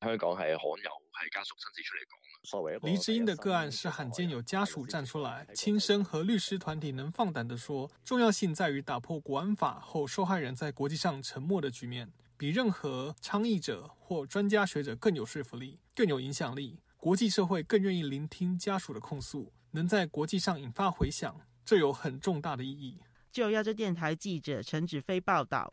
香港係罕有係家屬親自出嚟講嘅。黎智英的個案是罕見有家屬站出來親身和律師團體能放膽的說，重要性在於打破國安法後受害人在國際上沉默的局面，比任何倡議者或專家學者更有說服力、更有影響力，國際社會更願意聆聽家屬的控訴，能在國際上引發回響，這有很重大的意義。自由亞洲電台記者陳子飛報道。